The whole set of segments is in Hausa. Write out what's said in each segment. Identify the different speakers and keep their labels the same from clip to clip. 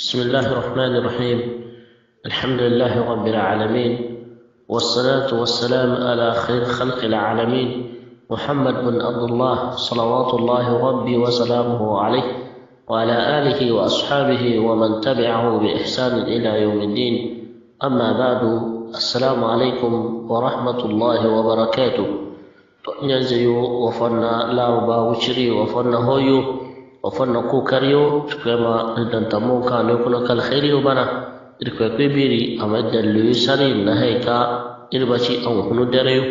Speaker 1: بسم الله الرحمن الرحيم الحمد لله رب العالمين والصلاة والسلام على خير خلق العالمين محمد بن عبد الله صلوات الله ربي وسلامه عليه وعلى آله وأصحابه ومن تبعه بإحسان إلى يوم الدين أما بعد السلام عليكم ورحمة الله وبركاته تؤنزي وفرنا لا وباوشري وفن هويو ofanna ku kariyo chukwema dantamu ka ne kuna kal khairiyo bana irkwe kwe biri amadda luyi sani na haika irbaci an hunu dareyo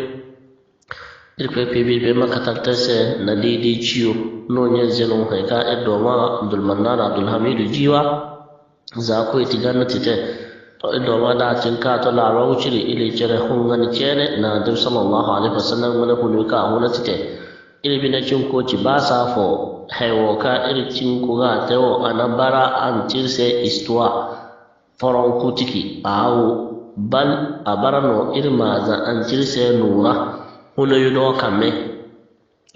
Speaker 1: irkwe kwe biri be makatartase na didi ciyo non yen zeno haika idoma abdulmannan abdulhamidu jiwa za ku itigana tite ɗoma da cin ka to laro wuciri ili cire hun gani cene na dir sallallahu alaihi wasallam wani kunu ka hula tite ilbina cinkoci ba sa fo haiwoka iri cinku ga tewo anabara an cirse istuwa foronku tiki awo bal abarano iri maza an cirse nura huna yi no kame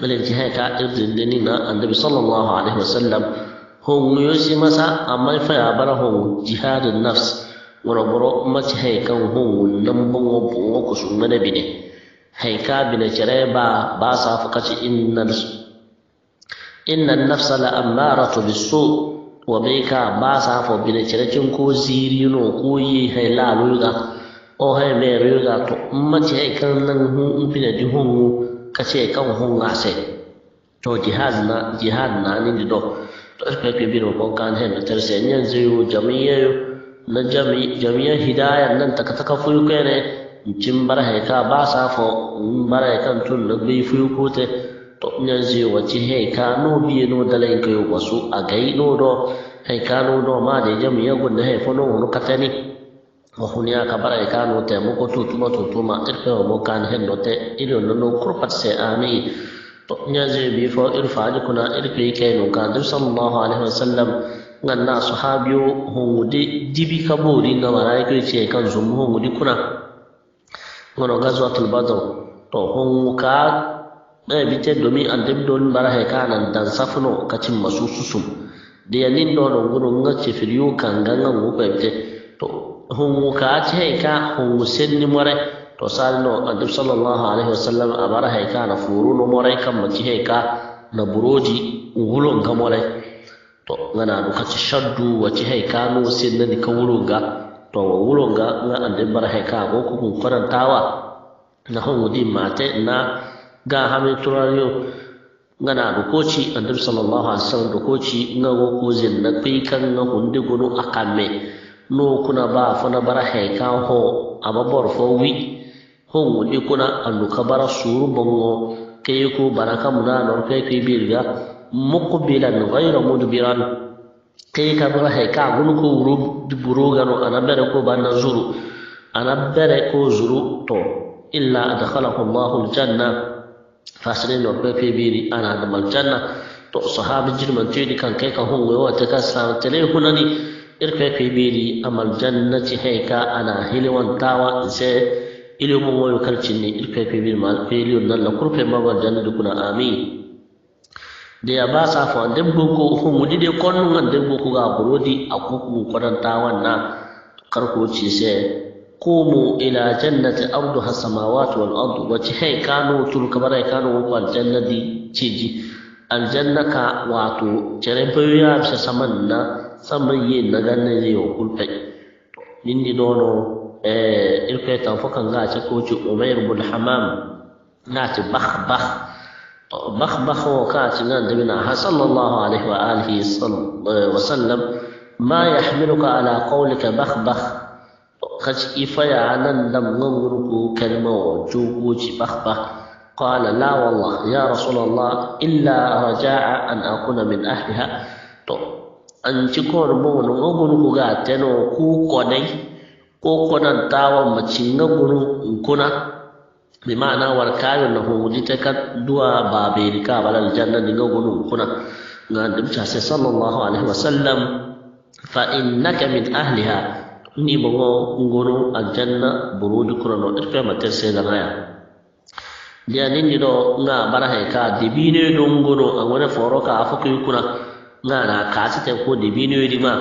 Speaker 1: ilin ci haika irin dini na annabi sallallahu alaihi wasallam hongu yosi masa amma fa ya bara hongu jihadin nafs wani buru mace haikan hongu nan bango bango kusurwa na bine haika bin kireba ba sa fuka ci innan innan nafsa la bi so wa meka ba sa fo bin kirecin ko no ko yi hailalu ga o hai mai riga to mace haikan kan nan hun bin di hun kace kan hun ase to jihad na jihad na ni di do to ka ke biro ko kan hen tar sai yi zai jami'a na jami'a hidayah nan taka taka fuyu kai ne cin barahe ka ba sa fo in barahe kan tun na bai fi kote to nyan zai wace hei ka no biye no dala in kai wasu a gai no do hei ka no do ma da jami ya gunda hei fo no wani kata ni ma hun ya ka barahe ka no te muku tutu ma tutu ma irfe wa muka ni hei no te iri wani no kurpat se ami to nyan zai bi fo irfa ni kuna irfe kai no ka dir sallallahu alaihi wasallam ngan na sahabiyo hongudi dibi kabori na marayi kai ce kan zumu hongudi kuna hono gazwatul badre to honka ɓeyɓite domi andemiɗoni mbara he kanan dan safno ka timma sususum diyanin ɗono gono gacifiryu kangangango ɓeɓite to honwukaati hey ka hongu senni more to salino andem sallllahu alayhi wa sallam abara hey ka na furuno more kammaci hey ka na buroji wulonga more to ganaɗu kaci shaddu waci hey ka nu sennani ka wulonga to wulon nga nga ande barhe ka go ko kun tawa, na ho wudi mate na ga hami turariyo ngana go koci ande sallallahu alaihi wasallam go koci nga go ko zin na kai kan na hunde gono akame no kuna ba fana barhe ka ho ababor fo wi ho wudi kuna andu ka bara suru bongo kai ko baraka muna nor kai kai birga muqbilan ghayra mudbiran kai ka bara hai ka gunu ko wuro buro gano anabere ko bana zuru ana anabere ko zuru to illa adkhalahu allahu al-janna fasrin no be fe biri ana da janna to sahabi jirman tudi kan kai ka hon hunwe ta ka sa ta le hunani ir kai fe biri amal jannati hai ka ana hilwan tawa sai ilimin wayo kalcin ne kai fe biri mal fe liyo dalla kurfe ma mabal janna dukuna amin da sa basa fo boko ko homuɗiɗe da boko ga burodi a kuku ta na karko ko mu ila jannati has samawati wal ardu kanu tul kano kanu wa kano wogo aljannadi ciji aljanna ka wato ceren peyoya bisa saman na saman yi ye nagannaje yo kulpay nindi ɗono irkoye tan ga ce ko koci umayr bul hamam nati bakh bakh مخبخه كاتنا دبنا صلى الله عليه وآله وسلم ما يحملك على قولك بخبخ قد إفيا عن لم نمرك كلمة وجوج بخبخ قال لا والله يا رسول الله إلا رجاء أن أكون من أهلها تو أن تكون مون ngo غاتن ga teno ku konai ko konan tawa mi mana war kayol no howudi te kat duwa baberi ka balal janna ɗinga go ɗum kuna gandem ta se sall llahu alayhi wa sallam fa innaka min ahliha ni bogo gonu a janna burudi kuna no ɗet fema ter sedanaya ndiya ninni ɗo ga bara he ka debinoyo ɗon gono a gone foro ka fokoy kuna gana kasite ko debinoyoɗi ma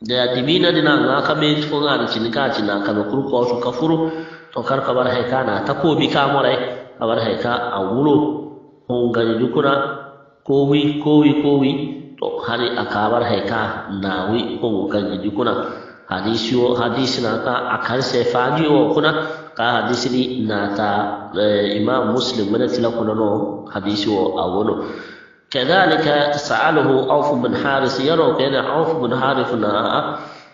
Speaker 1: deya dibinadina ga kaɓe fo gana cini ka cina kame kur kosu ka furu to kar ka bar haika na takobi kamurai eh, ka bar haika a wuro on ko kowi kowi kowi to hari a bar haika nawi on ganjukuna hadisi wo hadisi na ka akan se faji wo kuna ka hadisi ni na ta eh, imam muslim mana tila kuna no hadisi wo awono كذلك سأله عوف بن حارث يرى كان عوف بن حارث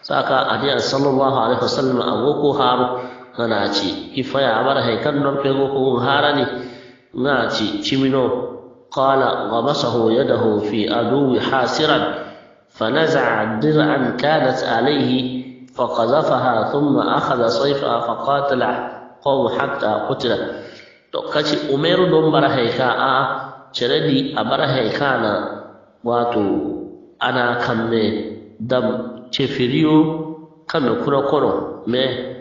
Speaker 1: ساكا أدي صلى الله عليه وسلم أبوكو هارو kana ci ifaya amar haikan norfe ko kun hara ne na ci cimino kala ga masa hoya da hofi a duwi hasiran fanaza dir'an kanat alaihi faqazafaha thumma akhadha sayfa fa qatala qaw hatta qutila to kace umairu don bar haika a ciradi a bar haika na wato ana kan me dam cefiriyo kan kura kuro me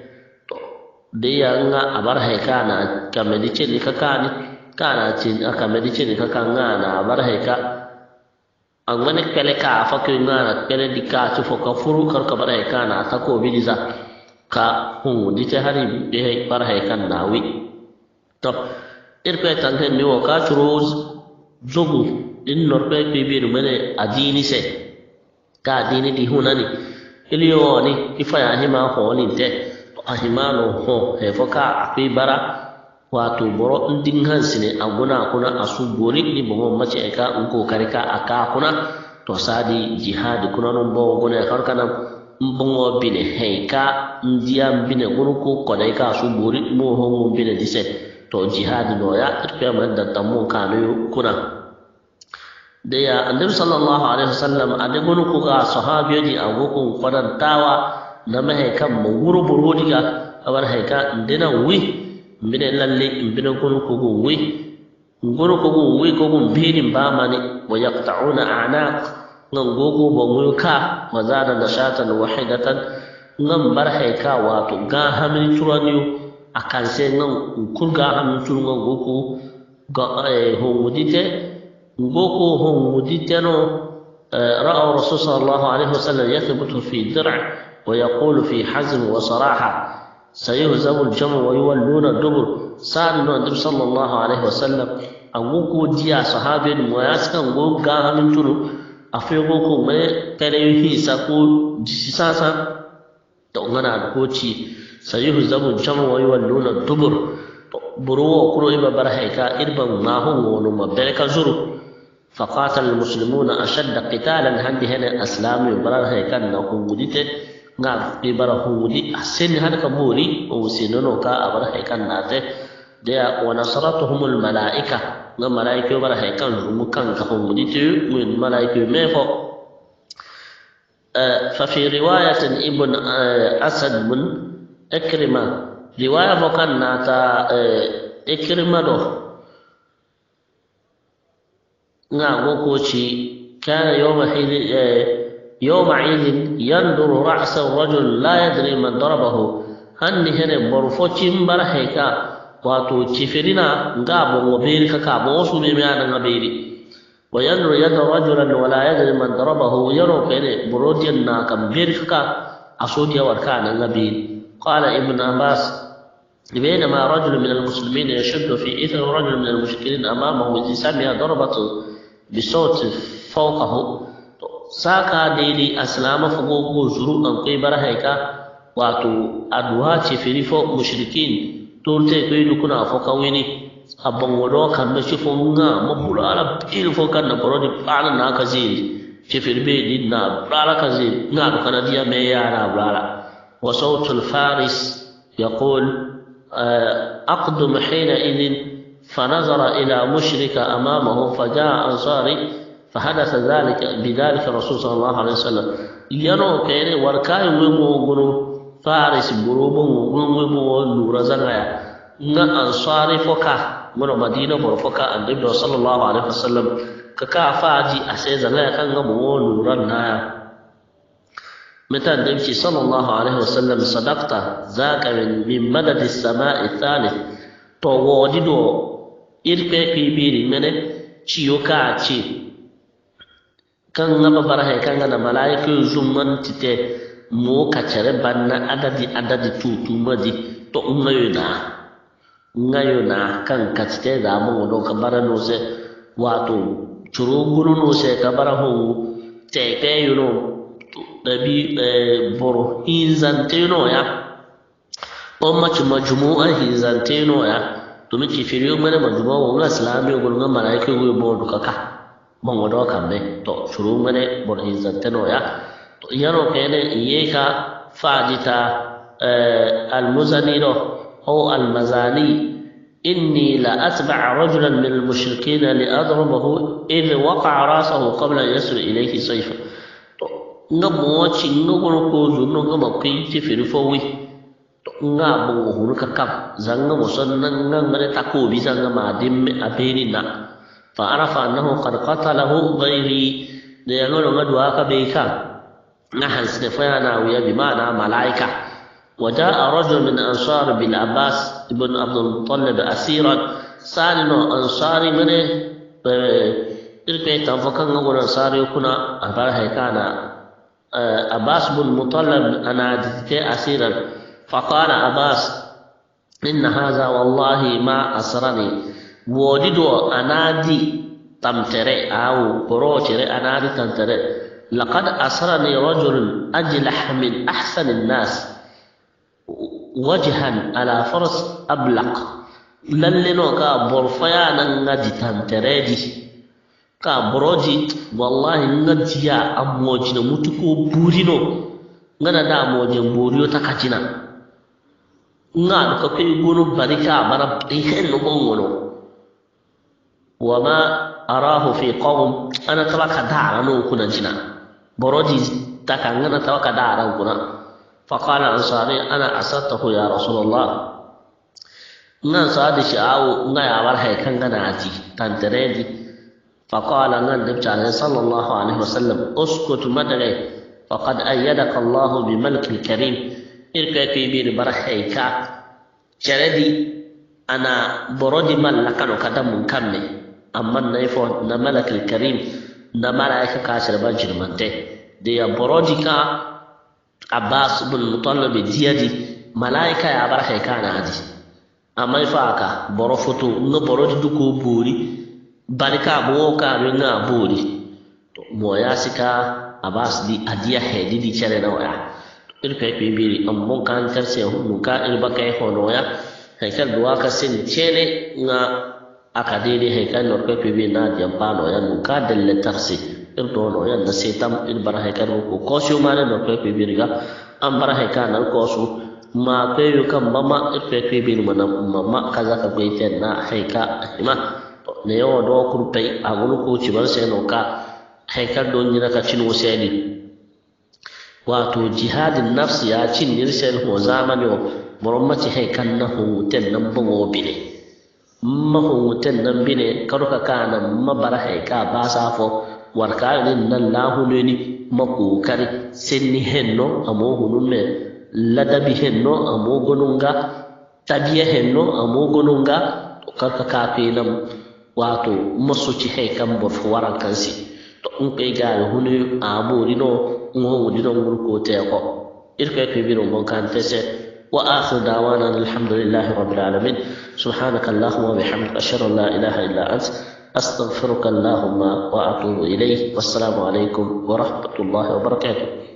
Speaker 1: deyanga abarhe ka na ka medicine ka kani ka na tin ka medicine ka ka nga na abarhe ka angmane pele ka fa ke nga na pele di ka tu fo ka furu kar ka barhe ka na ta ko bidiza ka hu di te hari de hai barhe kan na wi to ir er pe tan de mi wo ka tu roz zogu in nor pe pe bi ru mane adini se ka adini di hunani ilio ni ifa ya hima ho ni de ahimalo ho e foka akwi bara wato boro ɗin hansine a guna kuna a su boli ni bomo mace e ka un kokari ka aka kuna to sadi jihadi kuna non bo guna e har kana bomo bine hey ka ndiya bine kuno ko kodai ka su boli mo ho mo bine dise to jihadi no ya tpe man da tammo ka no kuna daya annabi sallallahu alaihi wasallam ade gonu ko ga sahabiyoji a gokun kwadantawa na hay kam mo abar hay ka wi mbine lalle mbine kono ko wi ngoro ko wi ko go mbini mbama ne wa yaqta'una ba nashatan wahidatan ngam bar hay ka wato ga hamin turaniyo akan se ngam kurga hamin turu ngam ga e, hongudite gogo hongudite no e, ra'a ويقول في حزم وصراحة سيهزم الجمع ويولون الدبر sa'an annabi sallallahu alaihi wasallam agogo diya sahabe ni mo yaska ngo ga hamin turu afego ko me kare yi ko sasa to ngana ko ci sayuhu zamu jamu wa yawluna dubu, buru wa kuro iba barhaika irban ma hu wono ma berka zuru فقاتل المسلمون أشد قتالا هندي هنا أسلام يبرر هيكل نقوم بديته ngal ɗi bara huuli a senni hade ka moori o wusinono ka abara haykan naate de a wa nasaratuhum lmalaika nga malaika yo bara haykan rumu kanka huuli te min malaika yo me fo eh, fa fi riwayatin ibn eh, asad mun écrima riwaya fo kan naata écrima eh, ɗo ngaa go kooci kana yowma xiili يوم عيد ينظر رأس الرجل لا يدري من ضربه هني هني برفو تيمبر هيكا واتو تشفرنا غاب وبيري كاكا بوسو بميانا غبيري وينر يد رجلا ولا يدري من ضربه يرو كيني بروتينا كم بيري كاكا أصوتي وركانا قال ابن عباس بينما رجل من المسلمين يشد في إثر رجل من المشكلين أمامه إذ سمع ضربة بصوت فوقه saka dele aslama fogo go zuru an kai barhaika wato aduwa ce firifo mushrikin tolte kai dukuna fo kawini abban wado kan da shifo nga mabura ala bil fo kan na borodi bana na ka ziri shifir be din na bala ka ziri nga kana dia me yara bala wa sautul faris yaqul أقدم حينئذ فنظر إلى مشرك أمامه فجاء أنصاري فحدث ذلك بذلك الرسول صلى الله عليه وسلم ينو كيري وركاي ويمو غنو فارس بروبو ويمو لورا زنايا نا انصاري فوكا من مدينه بر فوكا النبي صلى الله عليه وسلم ككا فاجي اسي زنايا كان غمو لورا نايا متى النبي صلى الله عليه وسلم صدقت ذاك من مدد السماء الثالث تو ودي دو إلقى كبير من تشيوكا تشي kan ŋa babarahay kan ŋa na malaikayo zuman tite mo kacare banna adadi adadi tutuma di to ŋayo na ŋayo na kaŋ kacite da mo do ka bara no se wato coro guru no se ka bara te tekeyo no ɗabi e, boro no ya on macu majumu'a n'o ya domin kifiriyo mana majumu'a ŋa silamiyo ŋa malaikayo ŋo bodu kaka mangodo kambe to surumene bon hizzantenoya to yano kene iyeka fajita eh, almuzani ɗo o almazani إني لأتبع رجلا من المشركين لأضربه إذ وقع رأسه قبل أن يصل إليه To nga moci nga gono ko zunno nga mapinti firi To nga bongo hunu kakam zanga musan nga ngare takobi zanga madimbe apeni na فعرف أنه قد قتله غيري لأنه مدواك بيكا نحن سنفانا ويا بمعنى ملائكة وجاء رجل من أنصار بن عباس بن عبد المطلب أسيرا سالنا أنصاري من إركي إيه، تنفقن نقول أنصار يكون أبار كان آه، عباس بن مطلب أنا جدتي أسيرا فقال عباس إن هذا والله ما أسرني woodido anaadi tamtere aawu boroo jire anaadi tamtere laqad asranii rajulun ajlax min axsan innaas wajhan calaa faras ablaq lallinoo kaa borfayaana ngadi tamteredi kaa boroji wallahi ngadiyaa amoojina mutukoo buurino ngana daa mooje mbuuriyo takajina ngaadu ka kuyi gunu barikaa bara ihenno mongono وما أراه في قوم أنا ترى كدا على نوكنا جنا برودي تكعنا ترى كدا على نوكنا فقال أنصاري أنا أسرته يا رسول الله نن سادي شاو نيا أول هاي كعنا عادي تنتريدي فقال نن دبت على صلى الله عليه وسلم أسكت مدري فقد أيدك الله بملك الكريم إلقى في بير برحي كا شردي أنا برودي ملكنا كدا من كمي amma na ifo na malakil karim na malaika kasir ban shirmante da ya borojika abbas bin mutallab diyadi malaika ya bar kai na adi amma ifo aka boro foto na boroji duko bori barika bo ka na bori to mo ya sika abbas di adiya hedi di chere na waya irka bibiri amma kan karse hunu ka irbaka ya hono ya haikal duwa ka sin cene na akadini hekal norke pibi na jampan oyan ka delle tarsi ir don oyan na setam ir bara hekal ko kosu mare norke pibi riga am bara hekal nan kosu ma peyu kam mama ir pe pibi mana mama kaza ka ko iten na heka ima ne yo do kur pe agulu ko chiban se no ka hekal don nyira ka chinu seli wato jihadin nafsi ya chin nirsel ho zamani o boromma ci hekal na ho ten nan bo bile maho wutan nan bine k'a kana mabara haika ba safo warkarin nan lahuneni makokari sinni henno amo hunume ladabi henno amo gonunga tabiya henno amo gonunga to karka kafe nan wato masuci haikan ba waran kansi to in kai ga hunu amori no ngo wudi don gurko te ko irka kai biro bon kan tese واخر دعوانا الحمد لله رب العالمين سبحانك اللهم وبحمدك اشهد ان لا اله الا انت استغفرك اللهم واتوب اليه والسلام عليكم ورحمه الله وبركاته